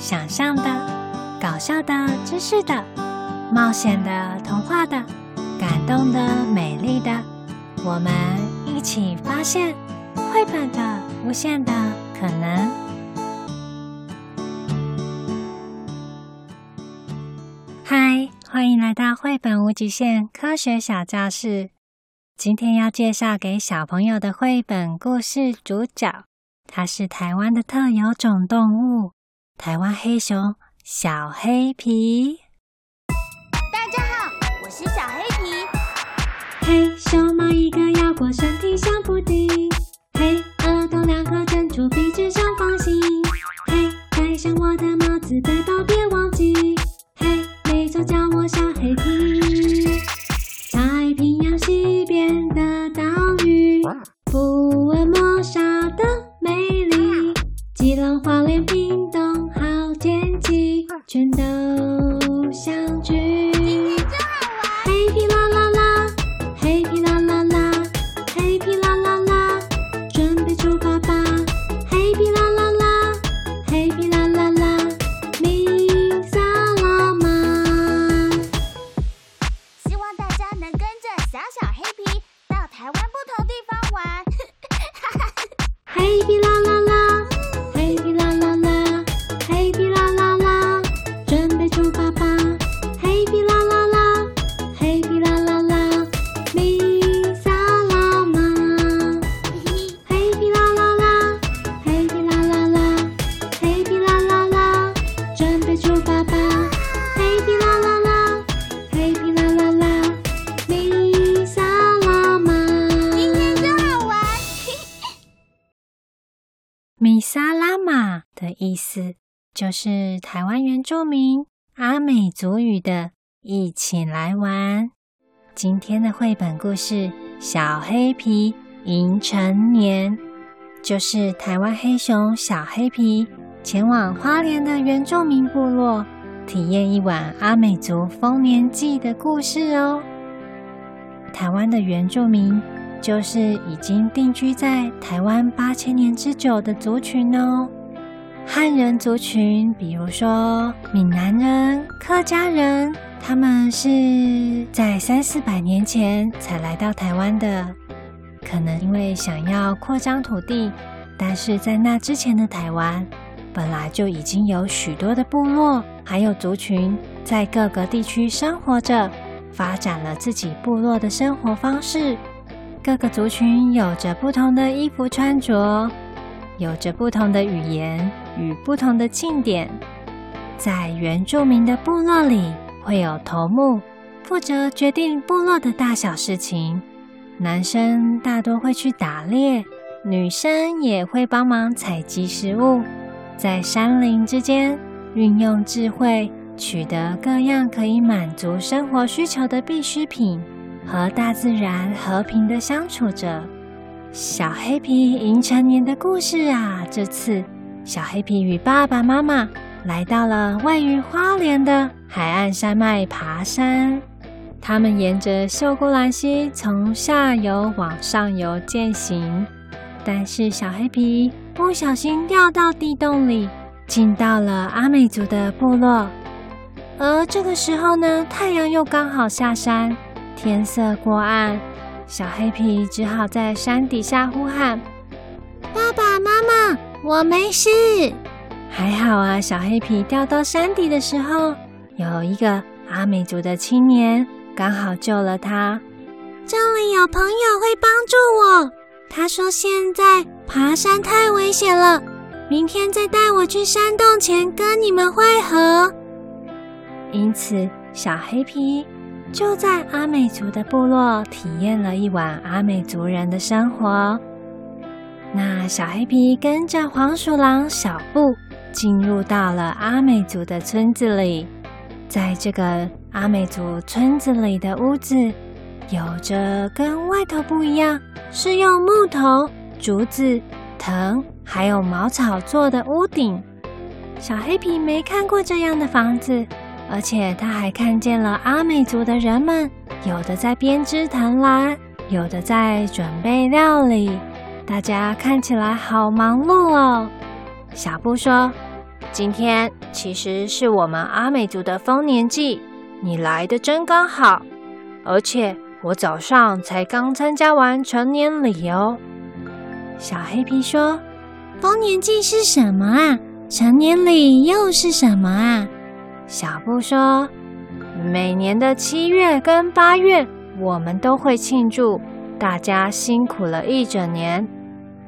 想象的、搞笑的、知識的、冒險的、童話的、感動的、美麗的，我們一起發現繪本的無限的可能。嗨，歡迎來到繪本無極限科學小教室。今天要介紹給小朋友的繪本故事主角，它是台灣的特有種動物。台灣黑熊小黑啤。大家好，我是小黑啤。嘿，胸毛一個腰果，身體像布丁，嘿，耳朵，兩顆珍珠，鼻子長方形，嘿、hey, 戴上我的帽子，背包別忘記，嘿，沒錯，叫我小黑啤。太平洋西邊的島嶼，福爾摩沙的魅力，基、嗯、隆、花蓮、屏東。全都想去。就是台灣原住民阿美族語的，一起來玩。今天的繪本故事《小黑啤迎成年》，就是台灣黑熊小黑啤前往花蓮的原住民部落，體驗一晚阿美族豐年祭的故事哦。台灣的原住民就是已經定居在台灣八千年之久的族群哦。漢人族群，比如說閩南人、客家人，他們是在三四百年前才來到台灣的。可能因為想要擴張土地，但是在那之前的台灣，本來就已經有許多的部落還有族群在各個地區生活着，發展了自己部落的生活方式。各個族群有着不同的衣服穿着，有着不同的語言。與不同的慶典，在原住民的部落裡，會有頭目負責決定部落的大小事情。男生大多會去打獵，女生也會幫忙採集食物。在山林之間，運用智慧取得各樣可以滿足生活需求的必需品，和大自然和平的相處着。小黑啤迎成年的故事啊，這次。小黑啤與爸爸媽媽來到了位於花蓮的海岸山脈爬山。他們沿着秀姑巒溪從下游往上游健行，但是小黑啤不小心掉到地洞裡，進到了阿美族的部落。而這個時候呢，太陽又剛好下山，天色過暗，小黑啤只好在山底下呼喊爸爸媽媽。我沒事，還好啊。小黑啤掉到山底的時候，有一個阿美族的青年剛好救了他。這裡有朋友會幫助我，他說現在爬山太危險了，明天再帶我去山洞前跟你們會合。因此，小黑啤就在阿美族的部落體驗了一晚阿美族人的生活。那小黑啤跟着黃鼠狼小布進入到了阿美族的村子裡，在這個阿美族村子裡的屋子，有着跟外頭不一樣，是用木頭、竹子、藤還有茅草做的屋頂。小黑啤沒看過這樣的房子，而且他還看見了阿美族的人們，有的在編織藤籃，有的在準備料理。大家看起來好忙碌哦。小布說：“今天其實是我們阿美族的豐年祭，你來的真剛好。而且我早上才剛參加完成年禮哦。”小黑皮說：“豐年祭是什麼啊？成年禮又是什麼啊？”小布說：“每年的七月跟八月，我們都會慶祝，大家辛苦了一整年。”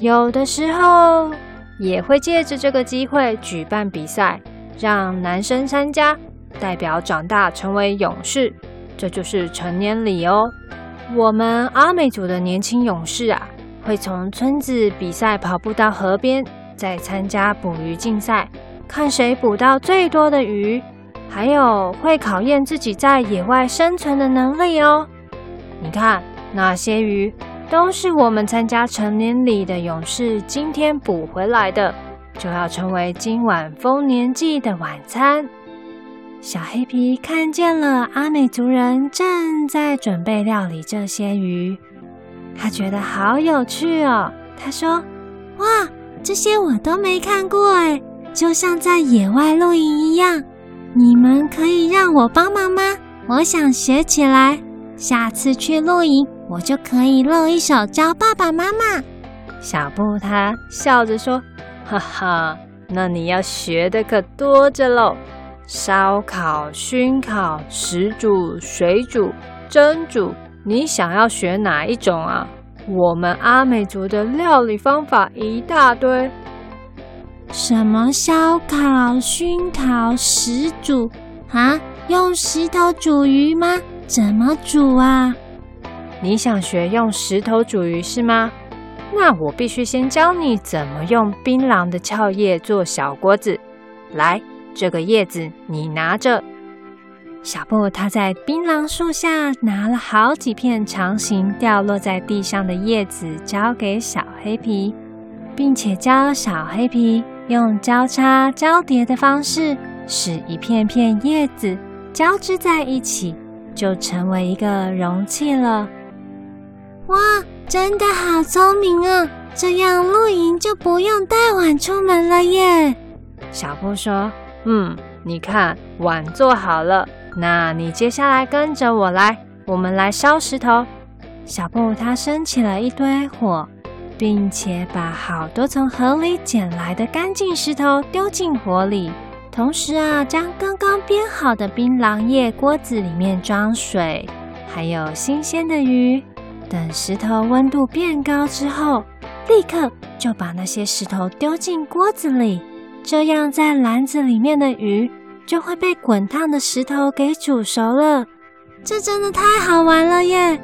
有的時候也會借着這個機會舉辦比賽，讓男生參加，代表長大成為勇士。這就是成年禮哦。我們阿美族的年輕勇士啊，會從村子比賽跑步到河邊，再參加捕魚競賽，看誰捕到最多的魚，還有會考驗自己在野外生存的能力哦。你看那些魚。都是我們參加成年禮的勇士，今天捕回來的，就要成為今晚豐年祭的晚餐。小黑啤看見了阿美族人正在準備料理這些魚，他覺得好有趣哦。他說：“哇，這些我都沒看過誒，就像在野外露營一樣。你們可以讓我幫忙嗎？我想學起來，下次去露營。”我就可以露一手教爸爸媽媽。小布他笑着說：“哈哈，那你要學的可多着嘍！燒烤、燻烤、石煮、水煮、蒸煮，你想要學哪一種啊？我們阿美族的料理方法一大堆。什麼燒烤、燻烤、石煮啊？用石頭煮魚嗎？怎麼煮啊？”你想學用石頭煮魚是嗎？那我必須先教你怎麼用檳榔的鞘葉做小鍋子。來，這個葉子你拿着。小布他在檳榔樹下拿了好幾片長形掉落在地上的葉子，交給小黑啤，並且教小黑啤用交叉交疊的方式，使一片片葉子交織在一起，就成為一個容器了。哇，真的好聰明啊！這樣露營就不用帶碗出門了耶。小布說：“嗯，你看，碗做好了。那你接下來跟着我來，我們來燒石頭。”小布他升起了一堆火，並且把好多從河裡撿來的乾淨石頭丟進火裡，同時啊，將剛剛編好的檳榔葉鍋子裡面裝水，還有新鮮的魚。等石頭溫度變高之後，立刻就把那些石頭丟進鍋子裡。這樣，在籃子裡面的魚就會被滾燙的石頭給煮熟了。這真的太好玩了耶！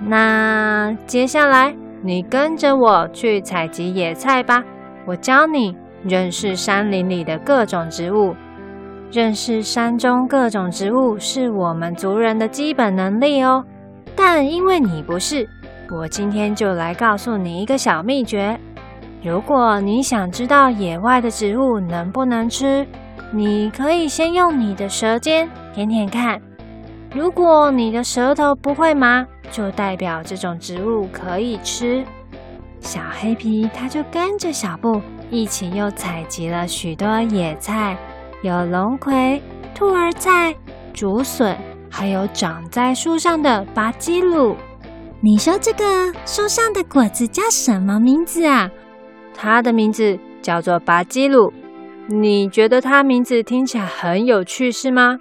那接下來你跟着我去採集野菜吧，我教你認識山林裡的各種植物。認識山中各種植物是我們族人的基本能力哦。但因為你不是，我今天就來告訴你一個小祕訣：如果你想知道野外的植物能不能吃，你可以先用你的舌尖舔舔看。如果你的舌頭不會麻，就代表這種植物可以吃。小黑啤它就跟着小布一起又採集了許多野菜，有龍葵、兔兒菜、竹筍。還有長在樹上的巴基魯，你說這個樹上的果子叫什麼名字啊？它的名字叫做巴基魯。你覺得它名字聽起來很有趣是嗎？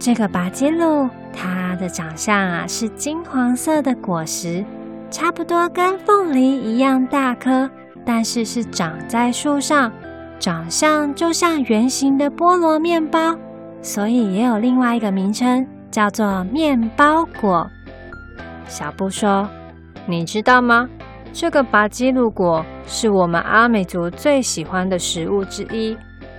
這個巴基魯，它的長相啊是金黃色的果實，差不多跟鳳梨一樣大顆，但是是長在樹上，長相就像圓形的菠蘿麵包。所以也有另外一個名稱，叫做麵包果。小布說：“你知道嗎？這個巴吉魯果是我們阿美族最喜歡的食物之一。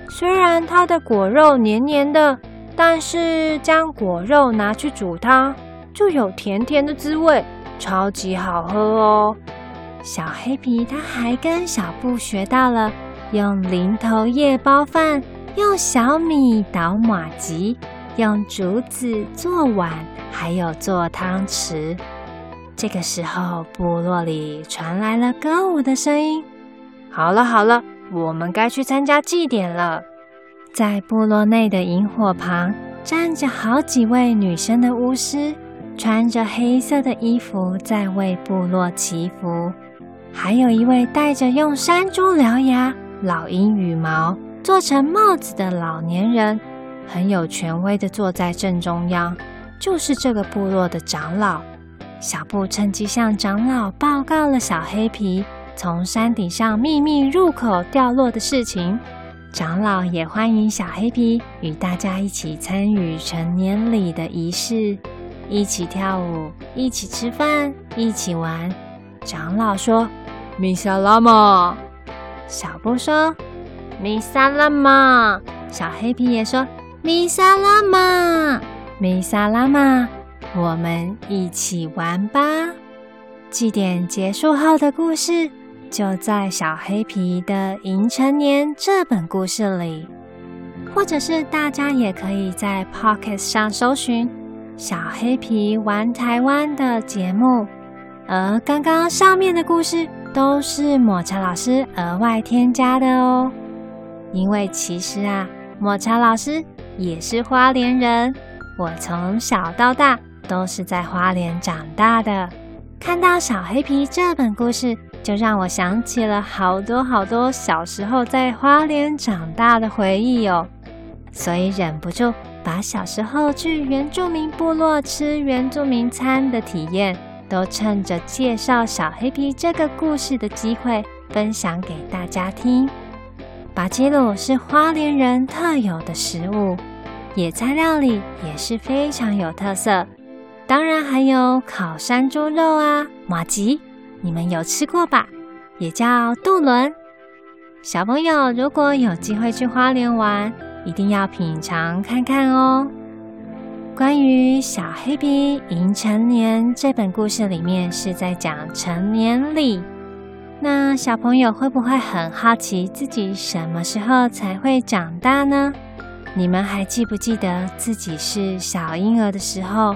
雖然它的果肉黏黏的，但是將果肉拿去煮湯，就有甜甜的滋味，超級好喝哦。”小黑啤他還跟小布學到了用林投葉包飯。用小米搗麻糬，用竹子做碗，還有做湯匙。這個時候，部落裡傳來了歌舞的聲音。好了好了，我們該去參加祭典了。在部落內的營火旁，站着好幾位女生的巫師，穿着黑色的衣服，在為部落祈福。還有一位戴着用山豬獠牙、老鷹羽毛。做成帽子的老年人很有權威地坐在正中央，就是這個部落的長老。小布趁機向長老報告了小黑啤從山頂上秘密入口掉落的事情。長老也歡迎小黑啤與大家一起參與成年禮的儀式，一起跳舞，一起吃飯，一起玩。長老說：“Misalama。”小布說。米沙拉瑪，小黑啤也說米沙拉瑪，米沙拉瑪，我們一起玩吧！祭典結束後的故事，就在小黑啤的《迎成年》這本故事裡，或者是大家也可以在 Podcast 上搜尋小黑啤玩台灣的節目。而剛剛上面的故事，都是抹茶老師額外添加的哦。因為其實啊，抹茶老師也是花蓮人，我從小到大都是在花蓮長大的。看到《小黑啤》這本故事，就讓我想起了好多好多小時候在花蓮長大的回憶哦。所以忍不住把小時候去原住民部落吃原住民餐的體驗，都趁着介紹《小黑啤》這個故事的機會，分享給大家聽。巴吉魯是花蓮人特有的食物，野菜料理也是非常有特色。當然還有烤山豬肉啊，麻糬，你們有吃過吧？也叫杜倫。小朋友如果有機會去花蓮玩，一定要品嘗看看哦。關於小黑啤迎成年，這本故事裡面是在講成年禮。那小朋友會不會很好奇自己什麼時候才會長大呢？你們還記不記得自己是小嬰兒的時候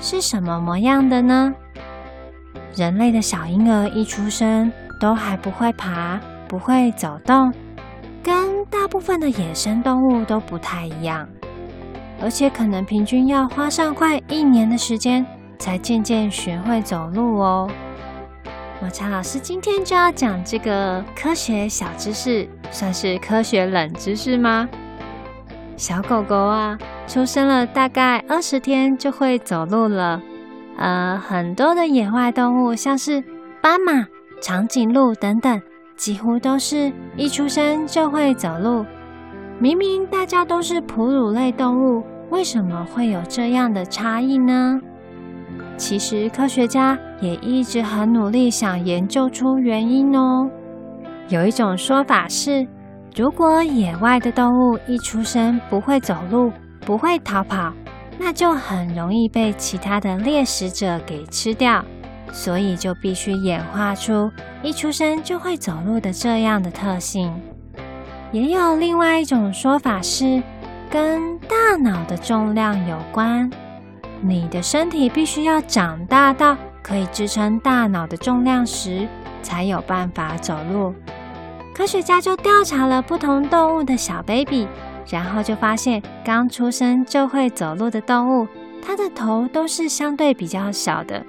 是什麼模樣的呢？人類的小嬰兒一出生都還不會爬，不會走動，跟大部分的野生動物都不太一樣，而且可能平均要花上快一年的時間才漸漸學會走路哦。抹茶老師今天就要講這個科學小知識，算是科學冷知識嗎？小狗狗啊，出生了大概二十天就會走路了。呃，很多的野外動物，像是斑馬、長頸鹿等等，幾乎都是一出生就會走路。明明大家都是哺乳類動物，為什麼會有這樣的差異呢？其實科學家也一直很努力想研究出原因哦。有一種說法是，如果野外的動物一出生不會走路，不會逃跑，那就很容易被其他的獵食者給吃掉，所以就必須演化出一出生就會走路的這樣的特性。也有另外一種說法是，跟大腦的重量有關。你的身體必須要長大到可以支撐大腦的重量時，才有辦法走路。科學家就調查了不同動物的小 baby，然後就發現剛出生就會走路的動物，它的頭都是相對比較小的。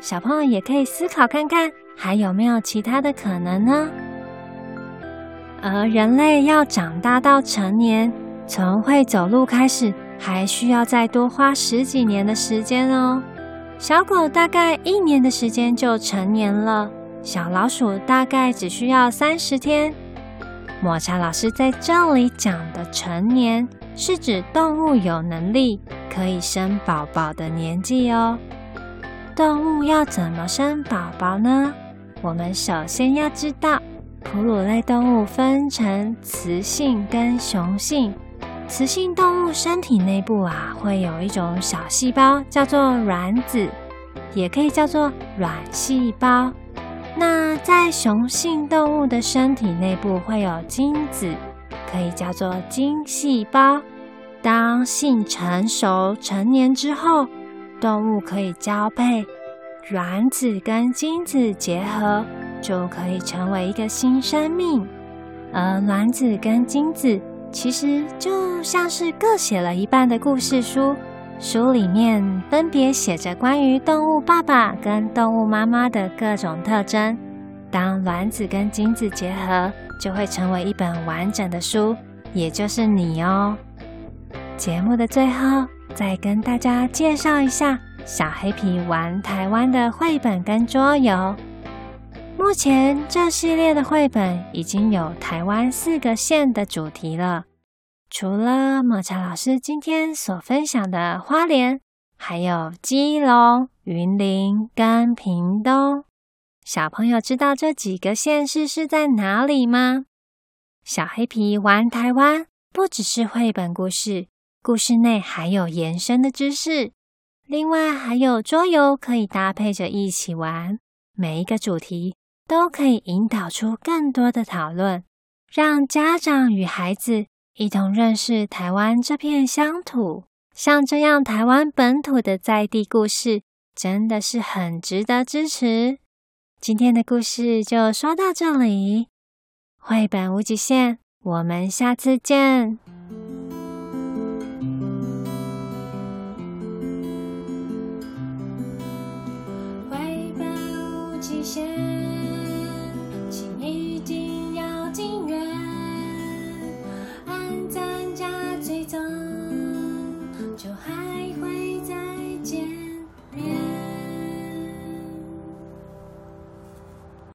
小朋友也可以思考看看，還有沒有其他的可能呢？而人類要長大到成年，從會走路開始。還需要再多花十幾年的時間哦。小狗大概一年的時間就成年了，小老鼠大概只需要三十天。抹茶老師在這裡講的“成年”是指動物有能力可以生寶寶的年紀哦。動物要怎麼生寶寶呢？我們首先要知道，哺乳類動物分成雌性跟雄性。雌性動物身體內部啊，會有一種小細胞叫做卵子，也可以叫做卵細胞。那在雄性動物的身體內部會有精子，可以叫做精細胞。當性成熟成年之後，動物可以交配，卵子跟精子結合就可以成為一個新生命。而卵子跟精子。其實就像是各寫了一半的故事書，書裡面分別寫着關於動物爸爸跟動物媽媽的各種特徵。當卵子跟精子結合，就會成為一本完整的書，也就是你哦。節目的最後，再跟大家介紹一下小黑啤玩台灣的繪本跟桌遊。目前這系列的繪本已經有台灣四個縣的主題了，除了抹茶老師今天所分享的花蓮，還有基隆、雲林跟屏東。小朋友知道這幾個縣市是在哪裡嗎？小黑啤玩台灣不只是繪本故事，故事內還有延伸的知識，另外還有桌遊可以搭配着一起玩。每一個主題，都可以引導出更多的討論，讓家長與孩子一同認識台灣這片鄉土。像這樣台灣本土的在地故事，真的是很值得支持。今天的故事就說到這裡。繪本無極限，我們下次見。